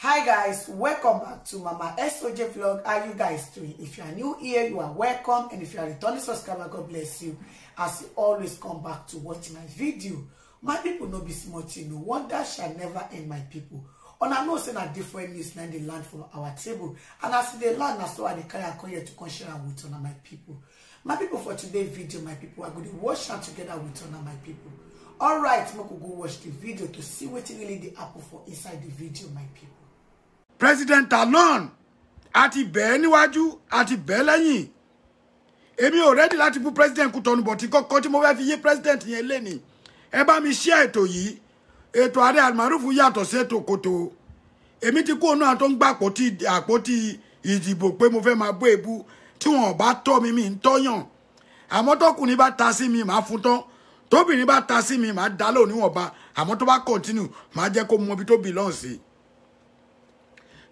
hi guys welcome back to mama soj vlog how you guys doing if you are new here you are welcome and if you are returning subscriber god bless you as you always come back to watch my video my people no be small thing no wonder shall never end my people and i know say a different news na dey land for our table and as e dey land na so i dey carry am come here to come share am with una my people my people for today's video my people i go to watch am together with una my people alright make we go watch the video to see wetin really the apple for inside the video my people president Talon àti bẹ́ẹ̀ níwájú àti bẹ́ẹ̀ lẹ́yìn èmi ò rẹ́dì láti bú president Kútọ̀nù bọ̀ tí kọ́kọ́ tí mo fẹ́ fi yé president yẹn léni ẹ bá mi share ètò yìí ètò Ààrẹ Almaroofu yàtọ̀ sí ètò kòtò èmi ti kú òun náà tó ń gbà àpótí àpótí ìdìbò pé mo fẹ́ máa bó èbú tí wọn ò bá mi mi ń tọ́yàn àmọ́ tọkùnrin ta sí mi ma fún tán tóbìnrin bá ta sí mi màá dá lóun níwọ̀nba àmọ́ tó bá continue màá jẹ́ kó mọ ibi tó belong sí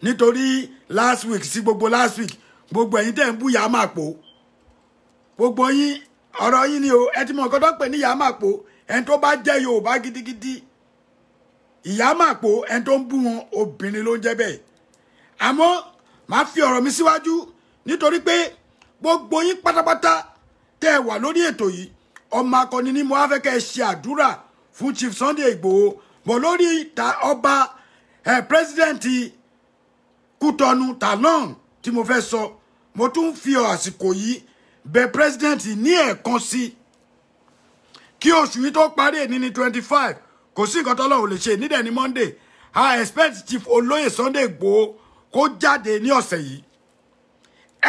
nítorí last week sí gbogbo last week gbogbo ẹ̀yin tẹ́ ń bú yàá máa pò gbogbo yín ọ̀rọ̀ yín ni o ẹ ti mọ nǹkan tó ń pè ní yàá máa pò ẹni tó bá jẹ́ Yorùbá gidigidi ìyá máa pò ẹni tó ń bú wọn obìnrin ló ń jẹ́ bẹ́ẹ̀ àmọ́ màá fi ọ̀rọ̀ mi síwájú nítorí pé gbogbo yín pátápátá tẹ́ ẹ wà lórí ètò yìí ọmọ akọni ni mo á fẹ́ kẹ́ ẹ ṣe àdúrà fún Chief Sunday Igboho bọ̀ lórí ta ọba ẹ̀ eh, pírẹ́sidẹ́ǹtì kútọnu talon tí mo fẹ́ sọ mo tún fi àsìkò yìí bẹ̀ president ní ẹ̀ẹ̀kan sí i kí oṣù yìí tó parí èní ní twenty five kò sí nǹkan tọ́lọ́ ò lè ṣe nídẹ̀ ní monday i expect chief olóyè sunday igbòho kó jáde ní ọ̀sẹ̀ yìí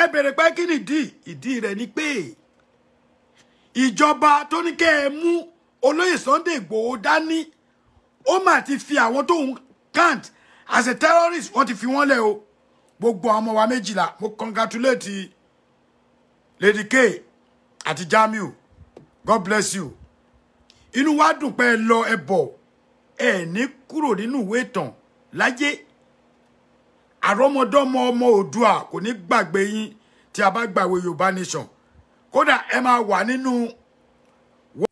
ẹ bèrè pé kí nìdí ìdí rẹ̀ ni pé ìjọba tó ní kẹ́ ẹ mú olóyè sunday igbòho dání ó mà ti fi àwọn tóun kant as a terrorist wọ́n ti fi wọ́n lẹ̀ o gbogbo àwọn ọmọ wa méjìlá mo congratulate Lady K àti Jamiu God bless you inú wa dùn pé ẹ lọ ẹ bọ̀ ẹ ní kúrò nínú ìwé ìtàn láyé àrọ́mọdọ́mọ ọmọ Oòduà kò ní gbàgbé yín tí a bá gbàgbé Yorùbá nation kódà ẹ máa wà nínú.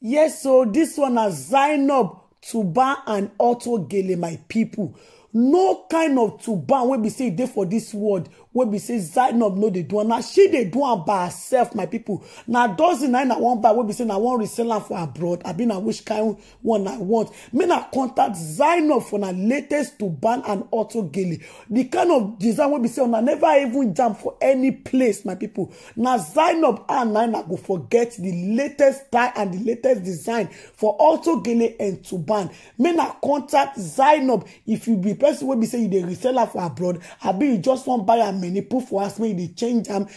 yes so this one na Zainab Tuba and Auto Gele my people no kind of tuban wey be say e dey for dis world wey be say zainab no dey do am na she dey do am by herself my pipo na dozen nine i one buy wey be say na wan resell am for abroad i bin na which kind one i want make na contact zainab for na latest to ban and auto gele The kind of design wey be say una never even jam for any place my pipo na zainab and nine i go forget the latest style and the latest design for auto gele and to ban make na contact zainab if you be person wey be say you dey resell am for abroad abi you just wan buy am and e for asthma e dey change am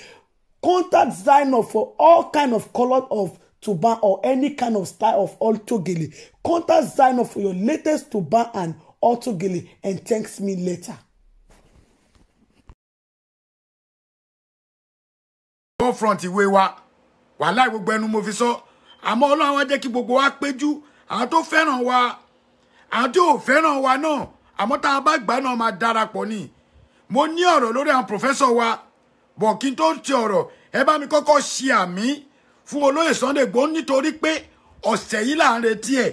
contact designer for all kind of color of tuba or any kind of style of altogele contact designer for your latest tuba and altogele and thanks me later. front ìwé wa wàhálà gbogbo ẹnu mo fi sọ àmọ́ Ọlọ́run wa jẹ́ kí gbogbo wa péjú àwọn tó fẹ́ràn wa àwọn tí ò fẹ́ràn wa náà àmọ́ tá a bá gbà náà máa darapọ̀ ni mo ní ọ̀rọ̀ lórí àwọn pòfẹ́sọ̀ wa bọ̀ kí n tó ti ọ̀rọ̀ ẹ bá mi kọ́kọ́ ṣe àmì fún olóyè Sunday Igboho nítorí pé ọ̀sẹ̀ yìí là ń retí ẹ̀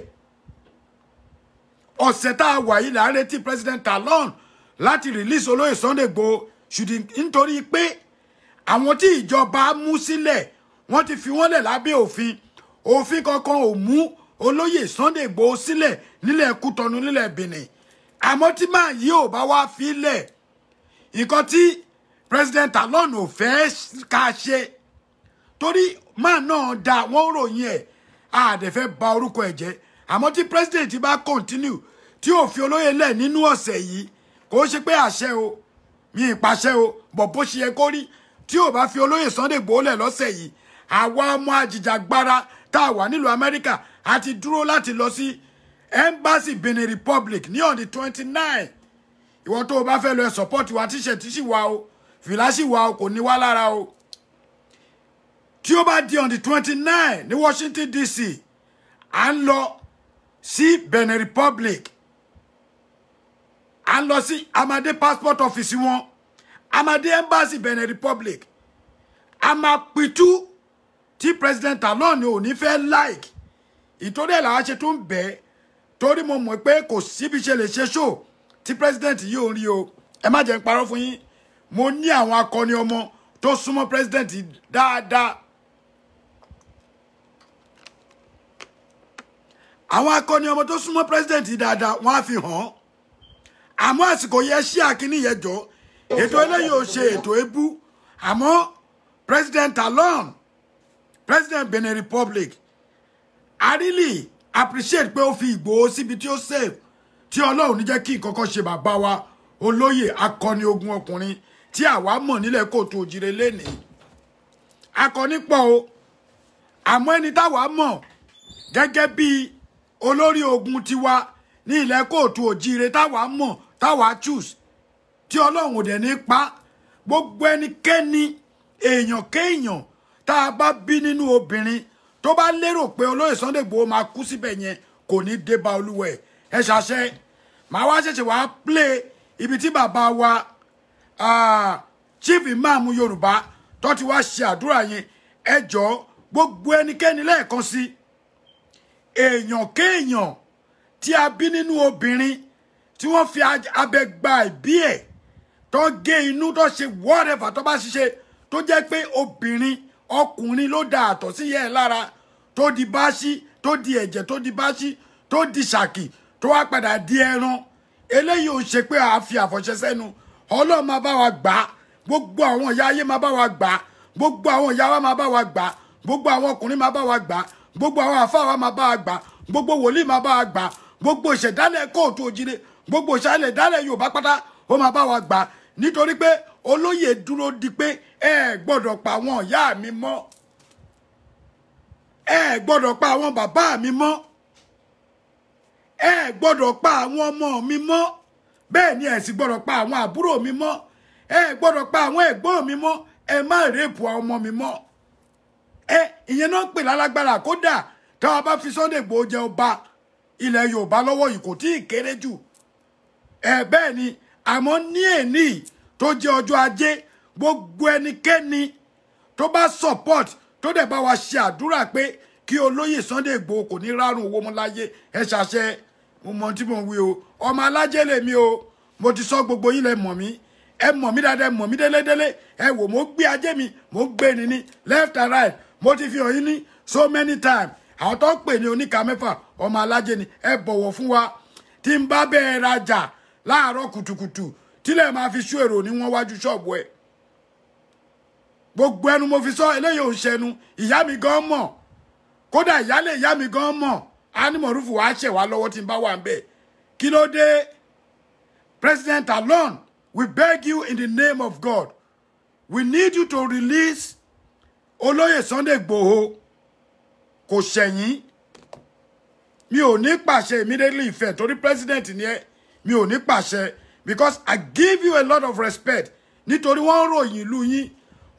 ọ̀sẹ̀ tá a wà yìí là ń retí president Talon láti release olóyè Sunday Igboho ṣùdí nítorí pé àwọn tí ìjọba mú sílẹ̀ wọ́n ti fi wọ́n lẹ̀ lábẹ́ òfin òfin kankan ò mú olóyè Sunday Igboho sílẹ̀ nílẹ̀ Kútọ̀nù nílẹ̀ Benin àmọ́ tí màá yí ò bá wá fi lẹ̀ nǹkan tí president Talon ò fẹ́ ká ṣe torí máa náà da wọ́n ròyìn ẹ̀ àdẹ̀fẹ́ ba orúkọ ẹ̀ jẹ́ àmọ́ tí president bá continue tí ò fi olóyè lẹ̀ nínú ọ̀sẹ̀ yìí kò ṣe pé àṣẹ o mi ìpàṣẹ o bọ̀ bó ṣe yẹ kó rí tí ò bá fi olóyè Sunday Igboho lẹ̀ lọ́sẹ̀ yìí àwa ọmọ ajìjàgbara tá a wà nílùú Amẹ́ríkà a ti dúró láti lọ sí embassy Benin Republic ní on twenty nine ìwọ tó o bá fẹ́ lọ ẹ support wa tíṣẹ̀tì sì wà o fìlà sì wà o kò ní wá lára o tí ó bá di on the twenty nine ní Washington DC à ń lọ sí Benin Republic à ń lọ sí Amade passport office wọn Amade embassy Benin Republic a máa pitú tí president Talon ò ní fẹ́ like ìtòdè làwọn ṣe tó ń bẹ́ẹ̀ torí mo mọ̀ pé kò síbi ṣe lè ṣe show tí president yìí ò ń rí o ẹ má jẹ́ ń parọ́ fún yín mo ní àwọn akọni ọmọ tó súnmọ́ president dáadáa àwọn akọni ọmọ tó súnmọ́ president dáadáa wọ́n á fi hàn àmọ́ àsìkò yẹ ṣí àkíní yẹn eto ètò eléyìí ò ṣe ètò ebú president alone president Benin Republic I really appreciate pé ó fi Ìgbòho síbi tí ó save tí ọlọ́run ní jẹ́ kí ìkọ́kọ́ ṣe bàbá wa olóyè akọni ogun ọkùnrin tí àwa mọ̀ nílẹ̀ kóòtù òjìrè lénìí akọni pọ̀ o àmọ́ ẹni táwa mọ̀ gẹ́gẹ́ bí olórí ogun tiwa ní ilẹ̀ kóòtù òjìrè táwa mọ̀ táwa choose tí ọlọ́run ò dẹ̀ ní pa gbogbo ẹnikẹ́ni èèyàn kéèyàn tá a bá bí nínú obìnrin tó bá lérò pé olóyè Sunday Igboho máa kú síbẹ̀ yẹn kò ní dé olúwẹ̀ẹ́ ẹ ṣàṣẹ màá wá ṣẹ̀ṣẹ̀ wá play ibi tí bàbá wa chief imam yorùbá tó ti wá ṣe àdúrà yẹn ẹ jọ̀ọ́ gbogbo ẹnikẹ́ni lẹ́ẹ̀kan sí èèyàn kéèyàn tí a bí nínú obìnrin tí wọ́n fi abẹ gba ìbí ẹ̀ tó gé inú tó ṣe whatever tó bá ṣiṣẹ́ tó jẹ́ pé obìnrin ọkùnrin ló da àtọ̀ sí yẹ́ lára tó di báṣí tó di ẹ̀jẹ̀ tó di báṣí tó di ṣàkì tó wá padà di ẹran eléyìí ò ṣe pé a fi àfọ̀ṣẹ sẹ́nu ọlọ́run máa bá wa gbà á gbogbo àwọn ìyá ayé máa bá wa gbà á gbogbo àwọn ìyá wa máa bá wa gbà á gbogbo àwọn ọkùnrin máa bá wa gbà á gbogbo àwọn àfáà wa máa bá wa gbà á gbogbo wòlíì máa bá wa gbà á gbogbo ìṣẹ̀dálẹ̀ kóòtù òjìlé gbogbo ìṣẹ̀dálẹ̀ dálẹ̀ yorùbá pátá ó máa bá wa gbà á nítorí pé olóyè dúró di pé ẹ gbọ́dọ̀ pa àwọn ìyá mi mọ́ ẹ gbọ́dọ̀ pa àwọn bàbá mi mọ́ ẹ gbọ́dọ̀ pa àwọn ọmọ mi mọ́ bẹ́ẹ̀ ni ẹ sì gbọ́dọ̀ pa àwọn àbúrò mi mọ́ ẹ gbọ́dọ̀ pa àwọn ẹ̀gbọ́n mi mọ́ ẹ má rèpù àwọn ọmọ mi mọ́ ẹ ìyẹn náà ń pè lálágbára kódà táwa bá fi Sunday Igboho jẹ ọba ilẹ̀ Yorùbá lọ́wọ́ yìí kò tí ì kéré jù ẹ bẹ́ẹ̀ ni àmọ́ ní èní tó jẹ́ ọjọ́ ajé gbogbo ẹnikẹ́ni tó bá support tó dẹ̀ bá wa ṣe àdúrà pé kí olóyè Sunday Igboho kò ní rárùn owó mú láyé ẹ ṣàṣẹ mo mọ tí mo wí o ọmọ alájẹ lèmi o mo ti sọ gbogbo yín lẹ mọ̀ mí ẹ mọ̀ mí dáadáa ẹ mọ̀ mí délédélé ẹ wò mo gbé ajé mi mo gbé ni ní left and right mo ti fi hàn yín ní so many times àwọn tó ń pè ní oníka mẹ́fà ọmọ alájẹ ni ẹ bọ̀wọ̀ fún wa tí n bá bẹ́ẹ̀ rajà láàárọ̀ kùtùkùtù tílẹ̀ máa fi ṣú èrò ní wọ́n wájú ṣọ́ọ̀bù ẹ̀ gbogbo ẹnu mo fi sọ eléyìí ò ń ṣẹnu ìyá mi gan mọ̀ kódà ìyálé ìyá mi gan mọ̀ ánimọ̀rúfù wàá ṣẹ̀ wá lọ́wọ́ tí n bá wà ń bẹ̀ kí ló dé President alone, we beg you in the name of God we need you to release olóyè Sunday Igboho kò ṣẹ̀yìn mi ò ní pàṣẹ immediately ìfẹ́ torí president ni ẹ mi ò ní pàṣẹ because I give you a lot of respect nítorí wọ́n ń ròyìn ìlú yín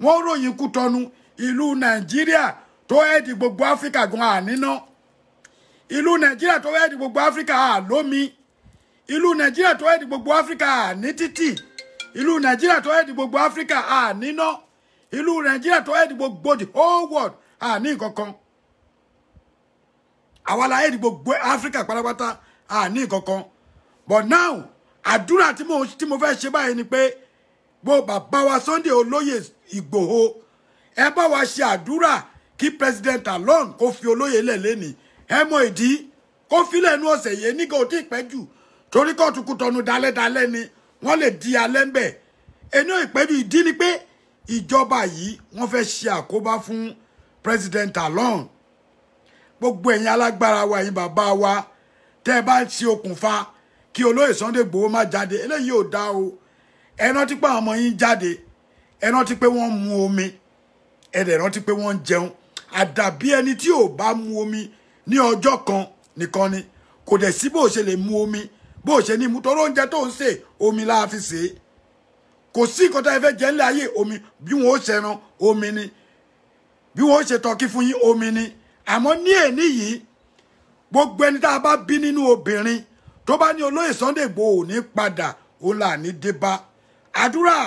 wọ́n ń ròyìn kútọ́nu ìlú Nàìjíríà tó ẹ̀dì gbogbo áfíríkà gan àníná ìlú nàìjíríà tó ẹ̀dì gbogbo áfíríkà àlómi ìlú nàìjíríà tó ẹ̀dì gbogbo áfíríkà àní títì ìlú nàìjíríà tó ẹ̀dì gbogbo áfíríkà àníná ìlú nàìjíríà tó di gbogbo the whole world àní nǹkankan àwa la di gbogbo Africa pátápátá àní nǹkankan but now àdúrà tí mo tí mo fẹ́ ṣe báyìí ni pé bó bàbá wa Sunday olóyè Ìgbòho ẹ bá wa ṣe àdúrà kí president alone kó fi olóyè lẹ̀ lẹ́ni ẹ mọ ìdí kó filẹ̀ inú ọ̀sẹ̀ yìí nígbà òtí ìpẹ́ jù torí kóòtù kùtọ̀nù dalẹ́dalẹ́ ni wọ́n lè di alẹ́ ń bẹ̀ ẹni ò ìpẹ́ jù ìdí ni pé ìjọba yìí wọ́n fẹ́ ṣe àkóbá fún president alone gbogbo ẹ̀yin alágbára wa ẹ̀yin bàbá wa tẹ́ ẹ bá ń ṣe okùnfà kí olóyè Sunday Igboho má jáde eléyìí ò dá o ẹ rántí pé àwọn ọmọ yín jáde ẹ rántí pé wọ́n mu omi ẹ dẹ̀ rántí pé wọ́n jẹun àdàbí ẹni tí ò bá mu omi ní ọjọ́ kan nìkan ni kò dẹ̀ sí bó ṣe lè mu omi bó ṣe ní mu tọrọ oúnjẹ tó ń sè omi la fi sè é kò sí nǹkan tá ẹ fẹ́ jẹ ńlẹ̀ ayé omi bí wọn ó ṣẹran omi ni bí wọn ṣe tọkí fún yín omi ni àmọ́ ní èní yìí gbogbo ẹni tá a bá bí nínú obìnrin tó bá ní olóyè Sunday Igboho ní padà ó là ní débá àdúrà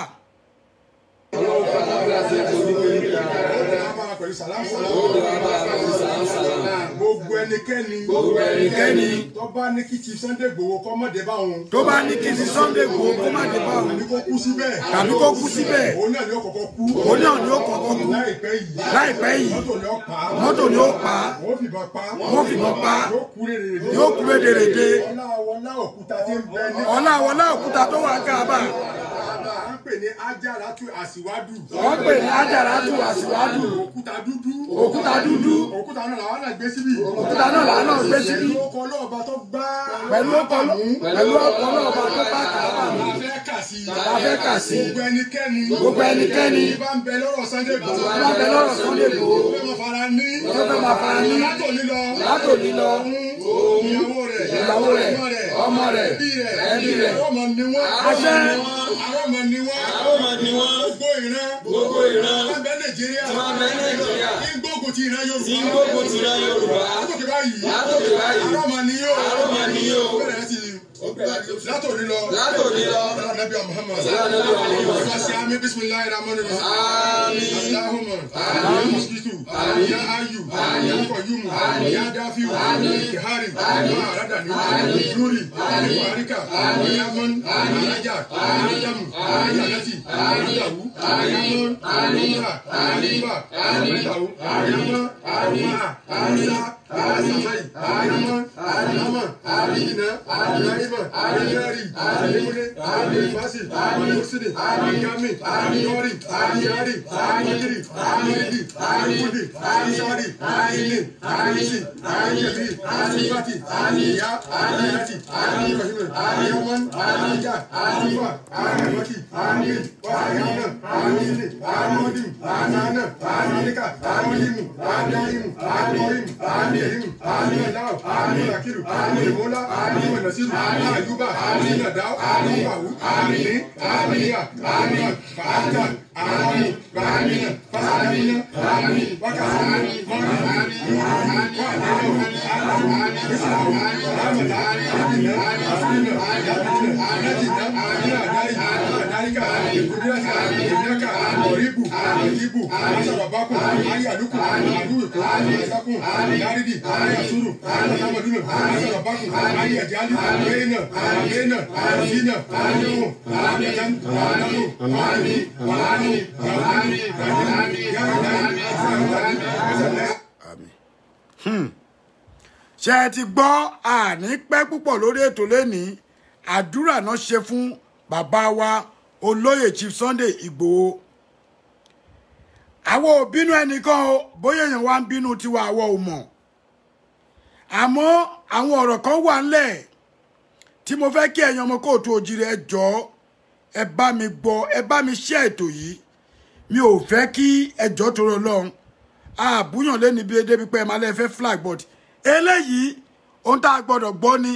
fi sàlámù sàlámù. gbogbo àbá fi sàlámù sàlámù. gbogbo ẹnikẹ́ni. gbogbo ẹnikẹ́ni. tó bá ní kí ti Sunday Igboho kó má dé bá òun. tó bá ní kí ti Sunday Igboho kó má dé bá òun. tàbí kó kú síbẹ̀. tàbí kó kú síbẹ̀. òun náà ni ó kọ́kọ́ kú. òun náà ni ó kọ́kọ́ kú. láìpẹ́ yìí. láìpẹ́ yìí. mọ́tò ni ó pa. mọ́tò ni ó pa. wọ́n fìbọn pa. wọ́n fìbọn pa. yóò kú rédèrèdè. ọlá wọlá òkúta tó wà káàbà pè ní ajaratu àṣìwádù. wọ́n pè ní ajaratu àṣìwádù. òkúta dúdú. òkúta dúdú. òkúta náà làwọn náà gbé síbí. òkúta náà làwọn náà gbé síbí. pẹ̀lú ọkọ lọ́ọ̀bà tó gbá. pẹ̀lú ọkọ pẹ̀lú tó bá kàábà mú. bàbá fẹ́ kà sí. gbogbo ẹnikẹ́ni. gbogbo ẹnikẹ́ni. ìbá ń bẹ lọ́rọ̀ Sunday Igboho. ìbá ń bẹ lọ́rọ̀ Sunday Igboho. ó fẹ́ máa fara ní. ó fẹ́ máa fara ní. látòlí lọ. látòlí lọ. ìyàwó rẹ̀. ìyàwó rẹ̀. ọmọ rẹ̀. ẹbí rẹ̀. ẹbí rẹ̀. àṣẹ. àrọ́mọ ni nàìjíríà ní gbógun ti ìran yorùbá ní gbógun ti ìran yorùbá látòkè báyìí látòkè báyìí àrọ́mọ ni yóò bẹ̀rẹ̀ sí i látòrí lọ látòrí lọ sọlá nàbí Muhammad sọlá nàbí Muhammad ìfọ sí ami bisimilayi ramani rọ ami alahuma ami musitu ami ayu ami kọyumu ami adafiu ami kihari ami aradani ami yuri ami warika ami yamon ami alaja ami damu ami alati ami dawu ami amon ami mura ami iba ami dawu ami ama ami ma ami sa ami sabayi. Alima, Alima, Alina, Alaima, Alinari, Alimune, Alifasi, Alimusini, Aligami, Aliyori, Aliyari, Aliyiri, Aliyidi, Aliyudi, Aliyari, Alini, Alisi, Aliyiri, Aliyati, Aliya, Aliyati, Aliyahime, Aliyaman, Alija, Alifa, Aliyati, Aliyin, Aliyana, Aliyini, Aliyodim, Anana, Anika, Alimu, Aliyimu, Aliyoyim, Aliyimu, Aliyimu, amin, àmúnakiru àmúnimọ́lá àmúnasiru àmúnayúbà àmúnadáo àmúnbàwú àmúní àmúníyà àmúnà fàájà àmúní bàmínà fàájìnà àmúní wákàtí mọ́nàmí wàhálàwò àmúní ìsàwò àmàlà àmìnà àmìnà àmìnà àmìnà àmìnà àmìnà àmìnà àmìnà àmìnà àmìnà àmìnà àmìnà alibu asababaku alialuku aluwiku asaku aliaridi aliasuru aliamadunu asababaku aliajali alena alena alina alimu aliajan alamu alani alani alani alani alani alani. Hmm ṣe ẹ ti gbọ́ àní pẹ́ púpọ̀ lórí ètò lẹ́ni àdúrà náà ṣe fún bàbá wa olóyè Chief Sunday Ìgbòho àwọn ò bínú ẹnìkan o bóyá èèyàn wá ń bínú tiwa àwọn ò mọ̀ àmọ́ àwọn ọ̀rọ̀ kan wà ńlẹ̀ tí mo fẹ́ kí ẹ̀yin ọmọ kóòtù òjìrì ẹ jọ ẹ bá mi gbọ́ ẹ bá mi ṣe ètò yìí mi ò fẹ́ kí ẹjọ́ tóró lọ́hùn àbúyàn lẹ́ni bí edé pípẹ́ máa lẹ́ẹ̀fẹ́ flag but eléyìí ohun tá a gbọ́dọ̀ gbọ́ ni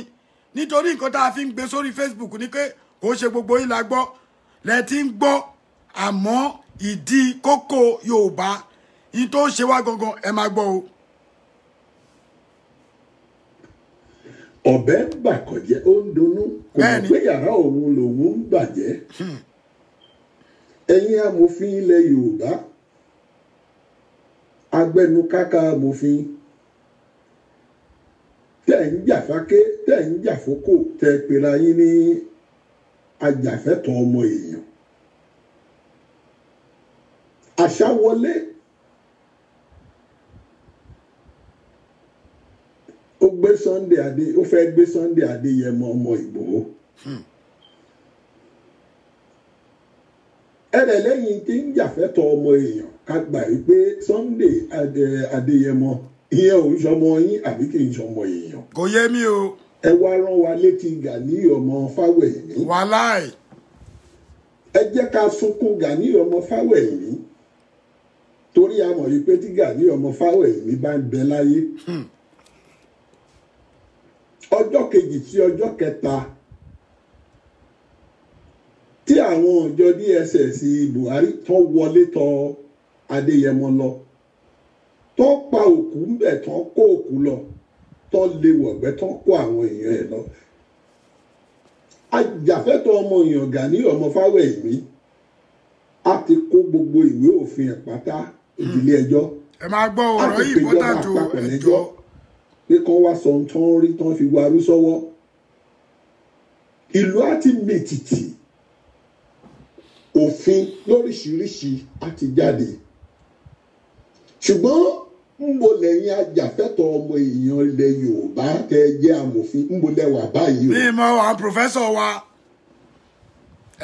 nítorí nǹkan tá a fi ń gbé sórí Facebook ni pé kò ṣe gbogbo yín la gbọ́ lẹ́ẹ̀ tí ń gbọ́ àmọ́ ìdí kókó Yorùbá yìí tó ń ṣe wá gangan ẹ máa gbọ́ o. ọ̀bẹ ń bàkọ̀jẹ́ ó ń dunnú kò mọ̀ pé yàrá òun lòun ń bàjẹ́ hmm. ẹ̀yin amòfin ilẹ̀ Yorùbá agbẹnukáká amòfin tẹ̀ ń jàfáké tẹ̀ ń jàfókò tẹ̀ pèrè ayín ní ajàfẹ́tọ̀ọ́ ọmọ èèyàn àṣà wọlé ó gbé Sunday adé ó fẹ́ gbé Sunday adé yẹ mọ́ ọmọ Ìgbòho hmm. ẹ̀rẹ̀ lẹ́yìn tí ń jàfẹ́tọ̀ ọmọ èèyàn ká gbà wípé Sunday Adéyẹmọ ìyẹn ò ń sọmọ yín àbí kì í sọmọ èèyàn. kò yé mi o. ẹ wá rán wa létí Gani ọmọ Fáwẹ̀hìnmí. wàláì. ẹ jẹ́ ká sunkún Gani ọmọ Fáwẹ̀hìnmí torí a mọ̀ yìí pé tí Gani ọmọ Fáwẹ̀hìnmí bá ń bẹ láyé hmm. ọjọ́ kejì sí ọjọ́ kẹta tí àwọn ọjọ́ DSS Buhari tán wọlé tọ Adéyẹmọ lọ tán pa òkú ńbẹ tán kó òkú lọ tán lé wọ̀gbẹ́ tán kó àwọn èèyàn ẹ̀ lọ ajàfẹ́tọ̀ ọmọ èèyàn Gani ọmọ Fáwẹ̀hìnmí a ti kó gbogbo ìwé òfin ẹ̀ pátá ìdílé ẹjọ́ ẹ máa gbọ́ ọ̀rọ̀ yìí bọ́tàjò ẹjọ́ pé kán wá sọ ohun tó ń rí tán fi warú sọ́wọ́ ìlú àti mètìtì òfin lóríṣiríṣi àti jáde ṣùgbọ́n nbo lẹ́yìn ajàfẹ́tọ̀ ọmọ èèyàn ilẹ̀ Yorùbá tẹ jẹ́ amòfin nbo lẹ́wà báyìí o. bí mo wà pòfẹ́sọ̀ wa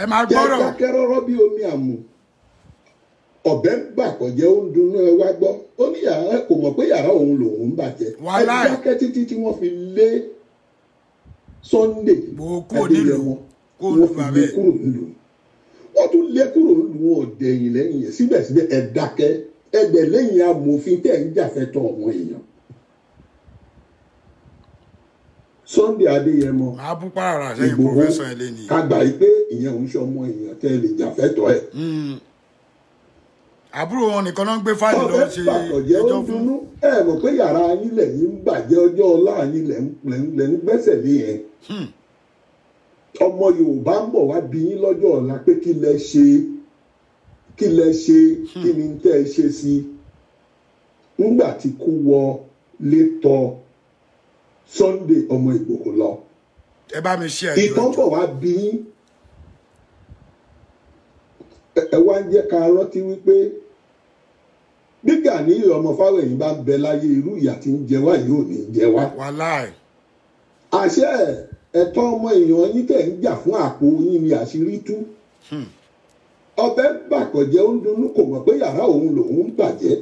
ẹ máa gbọ́dọ̀. jẹ́ kákẹ́rọ́rọ́ bí omi àmù ọ̀bẹ ń bà kọjẹ́ ó ń dunnú ẹ wá gbọ́ ó ní yàrá kò mọ̀ pé yàrá òun lòun ń bàjẹ́ ẹ dákẹ́ títí tí wọ́n fi lé Sunday Adéyẹmọ wọ́n fi lé kúrò nílùú wọ́n tún lé kúrò nílùú ọ̀dẹ̀ yìí lẹ́yìn yẹn síbẹ̀síbẹ̀ ẹ dákẹ́ ẹgbẹ̀ lẹ́yìn amòfin tẹ̀ ń jàfẹ́tọ̀ ọmọ èèyàn Sunday Adéyẹmọ Ìgbòho àgbà yìí pé ìyẹn òun ṣọmọ èèyàn tẹ́ lè jàfẹ́tọ̀ ẹ̀. Hmm àbúrò wọn nìkan náà ń gbé fáìlì lọ ṣe ẹjọ́ fún. ẹ mọ̀ pé yàrá yín lẹ́yìn ń bàjẹ́ ọjọ́ ọlá yín lẹ́ ń gbẹ́sẹ̀ lé yẹn. Hmm. ọmọ yorùbá ń bọ̀ wá bí yín lọ́jọ́ ọ̀la pé kí lẹ ṣe kí lẹ ṣe hmm. kí ni tẹ́ ẹ ṣe sí ńgbà tí kú wọ létọ Sunday ọmọ Ìgbòho lọ. ẹ bá mi ṣe ẹjọ́ ìtọ́ bọ̀ wá bí yín ẹ wá ń jẹ́ ká rántí wípé bí Gani ọmọ Fáwẹ̀hìn bá bẹ láyé irú ìyà tí ń jẹ wá yìí ò ní jẹ wá. àṣẹ ẹ̀tọ́ ọmọ èèyàn yín tẹ̀ ń jà fún àpò yín ni àṣírí tú. Hmm. ọbẹ̀ bàkọ̀jẹ́ ó ń dunnú kò mọ̀ pé yàrá òun lòun ń bàjẹ́.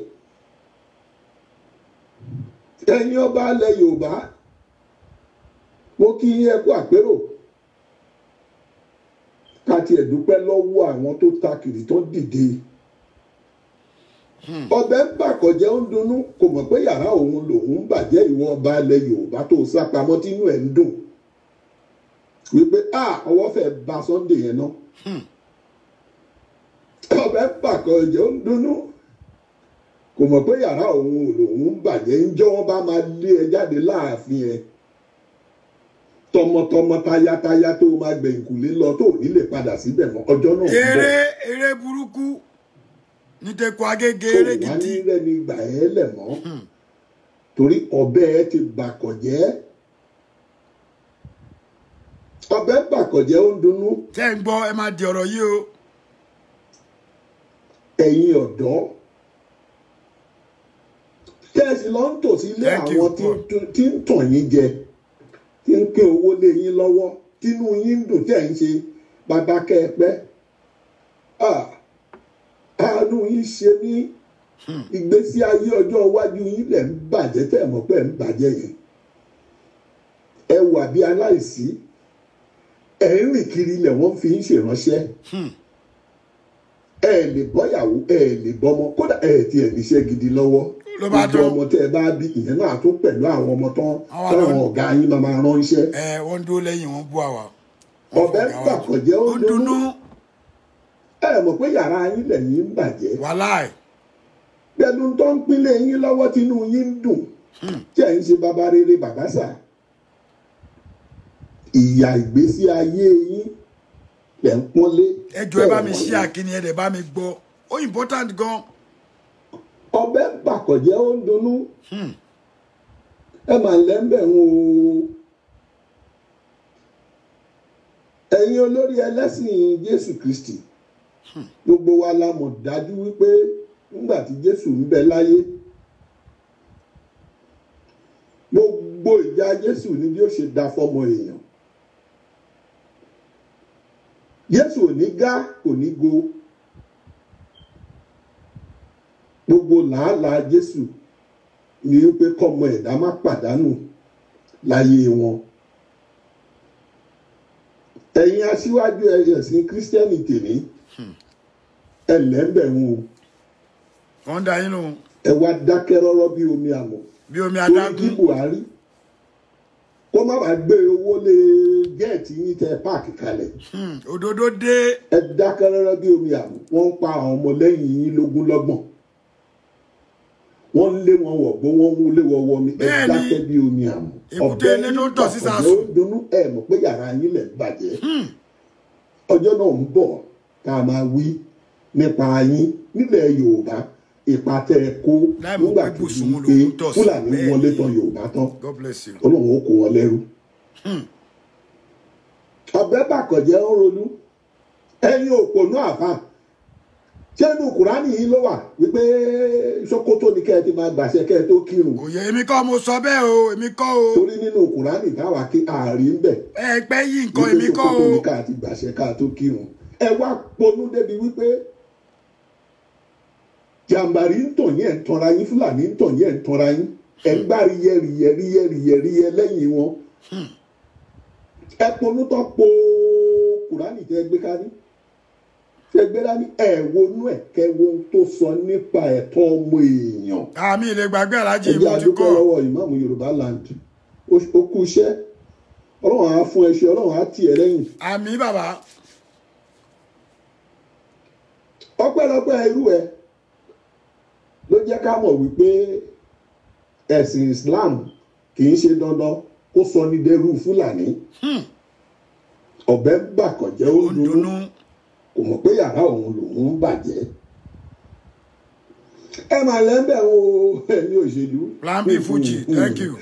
ẹ̀yin ọba alẹ́ Yorùbá mo kí yín ẹ kú àpérò. ká tiẹ̀ dúpẹ́ lọ́wọ́ àwọn tó ta kiri tó dìde hmm. ọbẹ̀ ń bàkọ̀jẹ́ ń dunnú kò mọ̀ pé yàrá òun lòun bàjẹ́ ìwọ ọba ilẹ̀ Yorùbá tó sá pamọ́ tínú ẹ̀ ń dùn wípé a ọwọ́ fẹ́ ba Sunday yẹn náà hmm. ọbẹ̀ ń bàkọ̀jẹ́ ń dunnú kò mọ̀ pé yàrá òun lòun bàjẹ́ ń jọ́ wọ́n bá máa lé ẹ jáde láàfin ẹ̀ tọmọtọmọ tayátayá tó máa gbẹ̀yìnkùlé lọ tó ní lè padà síbẹ̀ mọ́ ọjọ́ náà. eré eré burúkú ní tẹkọ agége eré gidi. tó wà ní rẹni gbà ẹ́ lẹ̀ mọ́ hmm. torí ọ̀bẹ ẹ ti bàkọ̀jẹ́ ọ̀bẹ bàkọ̀jẹ́ ó ń dunnú. tẹ́ ń gbọ́ ẹ máa di ọ̀rọ̀ yìí o. ẹ̀yin ọ̀dọ́ tẹ́sí lọ́n tòsí lé àwọn tí ń tàn yín jẹ tí ń ké owó lé yín lọ́wọ́ tínú yín ń dùn tẹ̀ ń ṣe bàbá kẹ́ẹ̀pẹ́ àánú yín ṣe mí hmm. ìgbésí ayé ọjọ́ iwájú yín lẹ̀ ń bàjẹ́ tẹ̀ mọ́ pẹ́ ń bàjẹ́ yẹn ẹ wà bí aláìsí ẹ ń rìn kiri ilẹ̀ wọ́n fi ń ṣèrànṣẹ́ hmm. ẹ lè bọ́yàwó ẹ lè bọ́mọ kódà ẹ tiẹ̀ níṣẹ́ gidi lọ́wọ́ ìjọ ọmọ tẹ bá bí ìyẹn náà tó pẹ̀lú àwọn ọmọ tán táwọn ọ̀gá yín máa máa rán iṣẹ́. ẹ wọ́n dúró lẹ́yìn wọn bú àwa. ọ̀bẹ gbàkọ̀jẹ́ ó dunnú. ẹ mọ̀ pé yàrá yín lẹ́yìn ń bàjẹ́. wàláì. pẹ̀lú tó ń pínlẹ̀ yín lọ́wọ́ tínú yín ń dùn hmm. tí ẹ̀ ń ṣe bàbá rere bàbá sà. ìyà ìgbésí ayé yín lẹ̀ ń pọ́nlé. ẹ jọ ẹ bá mi ṣí àkíní ẹ dẹ̀ bá mi gbọ́ ó important gan-an ọbẹ̀ ń pàkọ̀jẹ́ ó ń dunnú hmm. ẹ mà lẹ́ńbẹ̀ ń o ẹ̀yin olórí ẹlẹ́sìn Jésù Kristi hmm. gbogbo wa la mọ̀ dájú wípé nígbà tí Jésù ń bẹ láyé gbogbo ìjà Jésù ni bí ó ṣe da fọmọ èèyàn Jésù ò ní gá kò ní go. gbogbo làálàá jésù ni wípé kọ́mọ ẹ̀dá má pàdánù láyé wọn ẹ̀yin aṣíwájú ẹ̀sìn kírísítẹ́nì tèmi hmm. ẹ̀ lẹ́ńbẹ̀rún o. wọ́n da yín nù. ẹ wá dákẹ́ rọ́rọ́ bí omi àmọ́. bí omi adágún. torí kí buhari kó má bàa gbé owó lé gẹ́ẹ̀tì yín tẹ páàkì kalẹ̀. Hmm. òdodo dé. ẹ dákẹ́ rọ́rọ́ bí omi àmọ́ wọ́n pa àwọn ọmọ lẹ́yìn yín lógún lọ́gbọ̀n wọ́n lé wọn wọ̀ gbó wọ́n mú lé wọ́n wọmi ẹ dákẹ́ bí omi àmú ọ̀bẹ ọ̀bẹ ó dunú ẹ mọ̀ pé yàrá yín lẹ̀ bàjẹ́ hmm. ọjọ́ náà ń bọ̀ ká máa wí nípa yín nílẹ̀ Yorùbá ipa tẹ́ ẹ kó nígbà tó yí pé Fúlàní wọlé tán Yorùbá tán Ọlọ́run ó kó wọn lẹ́rú hmm. ọ̀bẹ bàkọ̀jẹ́ ń ronú ẹ̀yin òpònú àfáà ṣé inú kùránì yìí ló wà wípé Sókótó ni kẹ́ ẹ ti máa gbàṣẹ kẹ́ ẹ tó kírun. kò yẹ èmi kọ́ mo sọ bẹ́ẹ̀ o èmi kọ́ o. torí nínú kùránì táwa kí ààrin bẹ̀. ẹ pẹ́ yí nǹkan èmi kọ́ o. wípé Sókótó ni ká ti gbàṣẹ ká tó kírun. ẹ wá ponú débi wípé jàǹbàrí ń tàn yín ẹ̀ ń tanra yín fúlàní ń tàn yín ẹ̀ ń tanra yín ẹ̀ ń gbá riyẹ riyẹ riyẹ riyẹ riyẹ lẹ́yìn wọn. Hmm. ẹ ponú tó po kùránì tẹ́ gbé kárí tẹgbẹ́rẹ́ ní ẹ̀wọnú ẹ̀ kẹwo tó sọ nípa ẹ̀tọ́ ọmọ èèyàn. àmì ilé gbàgbé alájí ìbò ti kọ́. ẹ̀jẹ̀ àdúgbò lọ́wọ́ ìmáàmù yorùbá land ó kú iṣẹ́ ọlọ́run á fún ẹṣẹ ọlọ́run á tì ẹ́ lẹ́yìn. àmì bàbá. ọpẹ́lọpẹ́ irú ẹ ló jẹ́ ká mọ̀ wípé ẹ̀sìn Islam kì í ṣe dandan kó sọ ní dẹrú fúlàní hmm. ọ̀bẹ bàkànjẹ́ ó dunú kò mọ̀ pé yàrá òun lòun ń bàjẹ́ ẹ máa lẹ́ńbẹ̀ o ẹ̀yin òṣèlú. plan b fuji thank you.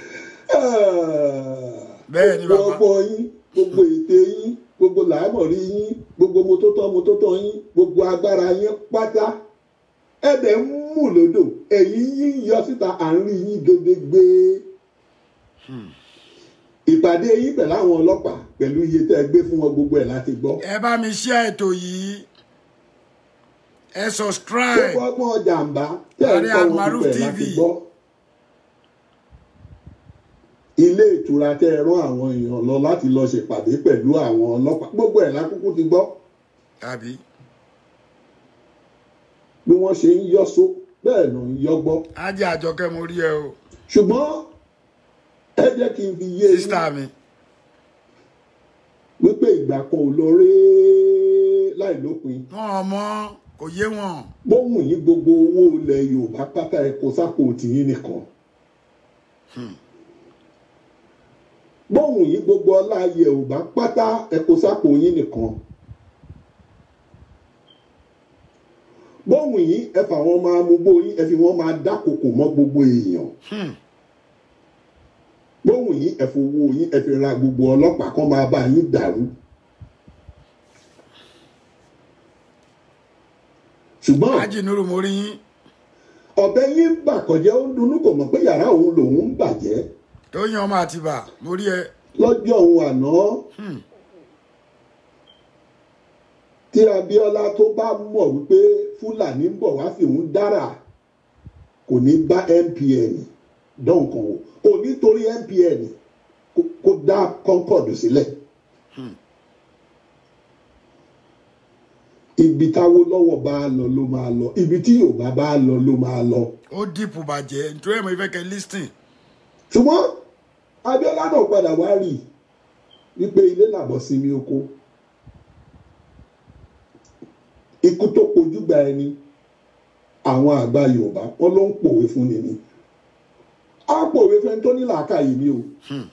bẹ́ẹ̀ ni bàbá gbogbo ọpọ yín gbogbo ète yín gbogbo làámọ̀rí yín gbogbo motótọ́ motótọ́ yín gbogbo agbára yín pátá ẹ̀dẹ̀ ń mú lódò ẹ̀yìn yín yọ síta à yín gédégbé. Hmm ìpàdé yín pẹ̀lú àwọn ọlọ́pàá pẹ̀lú iye tẹ́ ẹ gbé fún wọn gbogbo ẹ̀ láti gbọ́. ẹ bá mi ṣe ètò yìí ẹ subscribe. ó kọ́gbọ́n jàǹbá tẹ́ ẹ kọ́ wọn gbogbo ẹ̀ láti gbọ́. ilé ìtura tẹ́ ẹ rán àwọn èèyàn lọ láti lọ ṣèpàdé pẹ̀lú àwọn ọlọ́pàá gbogbo ẹ̀ lákúkú ti gbọ́. tàbí. bí wọ́n ṣe ń yọ́ so bẹ́ẹ̀ ló ń yọ́ gbọ́. ajé àjọkẹ́ mo rí ẹ o. ṣùgbọ́n ẹ jẹ́ kí n fi yé yín wípé ìgbà kan ò lọ rí láì lópin. wọn ọmọ kò yé wọn. bóun yìí gbogbo owó ilẹ̀ yorùbá pátá ẹ̀kọ́ sápò tìyín nìkan. bóun hmm. yìí gbogbo ọlá yorùbá pátá ẹ̀kọ́ sápò yín nìkan. bóun yìí ẹ fà wọn máa mú bóyí ẹ fi wọn máa dákòkò mọ́ gbogbo èèyàn. Hmm gbóhùn yín ẹ fowó yín ẹ fi ra gbogbo ọlọ́pàá kó máa bá yín dàrú. ṣùgbọ́n ajínúrú mo rí yín. ọ̀bẹ yín ń bà kọjá ó ń dunú kò mọ̀ pé yàrá òun lòun ń bàjẹ́. tó yan ọmọ àtìbà mo rí ẹ. lọ́jọ́ òun àná hmm. tí Abíọ́lá tó bá mọ̀ wípé Fúlàní ń bọ̀ wá fìhún dára kò ní bá MPN dọ́nkòwò kò nítorí MPN kó dá Concord sílẹ̀ hmm. ibi táwo lọ́wọ́ bá lọ ló máa lọ ibi tí Yorùbá bá lọ ló máa lọ. ó dìpọ̀ bàjẹ́ nítorí ẹ̀ mọ̀ ìfẹ́ kẹ́ lísítìn. ṣùgbọ́n Abíọ́lá náà padà wá rí i wípé ilé làbọ̀ sinmi oko ikú tó kojú gba ẹni àwọn àgbà Yorùbá wọn ló ń pòwe fún ni ni ọ̀pọ̀ òwe fẹ́ tó ní làákàyè mi o hmm.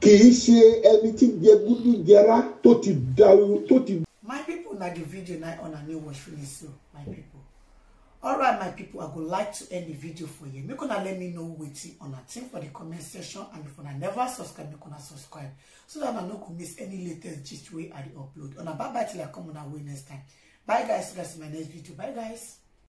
kì í ṣe ẹni tí jẹ gúdú jẹra tó ti dáwó tó ti. my people na the video na a new watch finish so my people alright my people i go like to end the video for here make una let me know wetin una think for the comment section and if una never subscribe make una subscribe so that una no go miss any latest gist wey i dey upload una bye bye till i come una way next time bye guys see you guys in my next video bye guys.